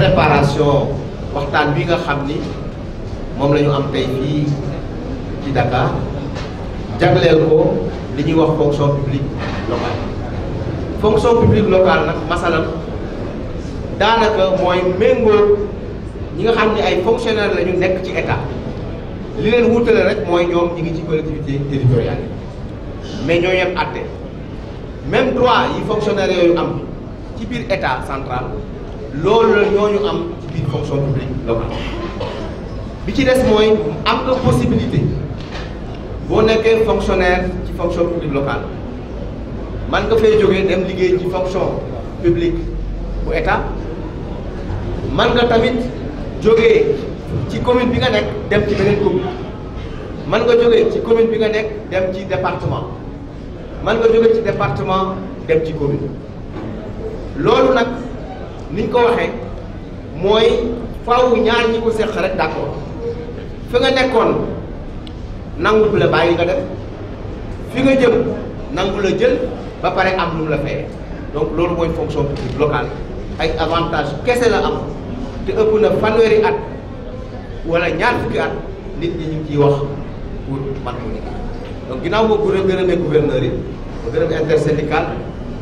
préparation waxtaan bi nga xam ni moom la ñu am tey fii ci Dakar jagleel ko li ñuy wax fonction publique locale fonction publique locale nag masalan daanaka mooy méngoo ñi nga xam ni ay fonctionnaires la ñu nekk ci état li leen wutale rek mooy ñoom ñi ngi ci collectivité territoriale mais ñoo yem àtte même droit yi fonctionnaires yooyu am ci biir état central loolu la ñu am ci biir fonction publique locale bi ci des mooy am nga possibilité boo nekkee fonctionnaire ci fonction publique locale man nga fay jóge dem liggéey ci fonction publique bu état man nga tamit jógee ci commune bi nga nekk dem ci beneen commune man nga jógee ci commune bi nga nekk dem ci département man nga jógee ci département dem ci commune loolu nag niñ ko waxee mooy faaw ñaar ñi ko seq rek d'accord fi nga nekkoon nangu la bàyyi nga def fi nga jëm nangu la jël ba pare am lu mu la fayee donc loolu mooy fonction publique locale ay avantage kese la am te ëpp na fanweeri at wala ñaar fukki at nit ñi ñu ngi wax pour man ko liggéey donc ginnaaw boobu gën a gën a ne yi ba gën a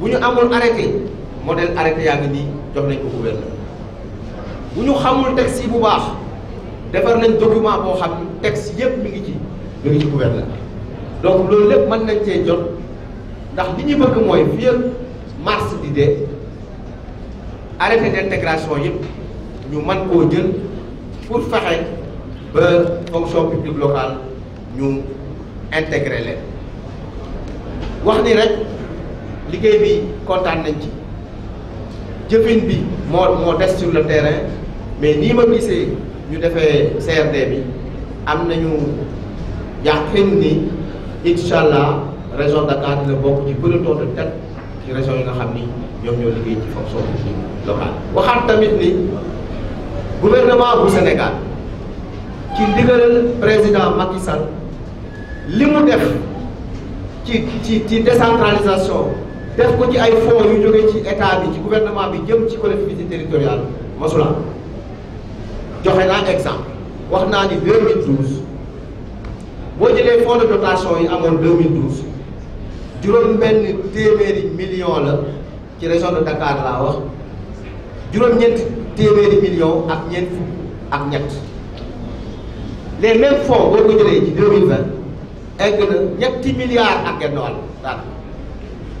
bu ñu amul arrêté modèle arrêté yaa ngi nii jox nañ ko gouverneur bu ñu xamul texte yi bu baax defar nañ document boo xam ne texte yépp mi ngi ci mi ci gouverneur donc loolu lépp mën nañ cee jot ndax li ñu bëgg mooy fii ak mars di de arrêté d'intégration yépp ñu man koo jël pour fexe ba fonction publique locale ñu intégré leen wax ni rek liggéey bi kontaan nañ ci jëfin bi moo moo des sur le terrain mais nii ma gisee ñu defee CRD bi am nañu yàqin ni incha allah région Dakar dina bokk ci peloton de tête ci région yi nga xam ni ñoom ñoo liggéey ci fonction locale waxaat tamit ni gouvernement bu Sénégal ci ndigalal président Macky li mu def ci ci ci décentralisation def ko ci ay fonds yu jógee ci état bi ci gouvernement bi jëm ci collectivité territoriale masula joxe naa exemple wax naa ni boo jëlee fonds de yi amoon 2012 juróom-benn téeméeri million la ci région de Dakar laa wax juróom million ak ñeent ak ñett les mêmes fonds boo ko jëlee ci 2020 egg na ñetti milliards ak genn wàll daal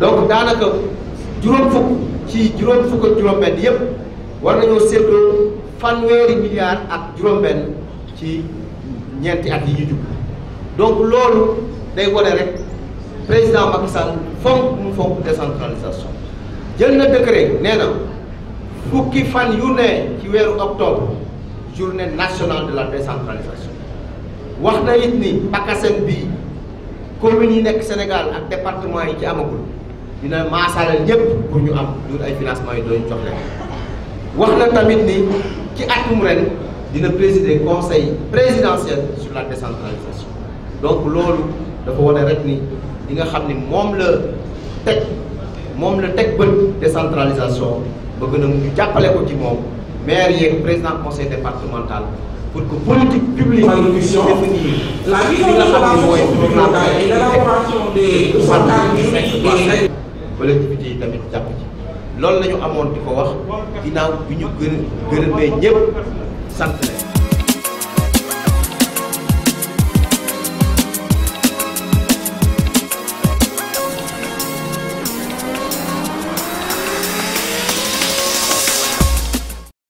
donc daanaka juróom fukk ci juróom fukk ak juróom benn yépp war nañoo séddoo fanweeri milliards ak juróom benn ci ñeenti at yi ñu jub donc loolu day wane rek président Macky Sall fonk mu fonk décentralisation jël na décret nee fukki fan yu ne ci weeru octobre journée nationale de la décentralisation wax na it ni pakaseen bi commune yi nekk Sénégal ak département yi ci amagul dina maasalal ñep pour ñu am ñun ay financement yu doon jox leen wax na tamit ni ci atum ren dina présider conseil présidentiel sur la décentralisation donc loolu dafa wane rek ni li nga xamni mom moom la teg moom la teg bët décentralisation bëgg na ñu jàppale ko ci mom maire yeeg président conseil départemental pour que politique publique définir li nga xam ni mooy programme collectivité yi tamit jàpp ci loolu la ñu amoon di ko wax ginnaaw bi ñu gën gërëmee ñëpp sant leen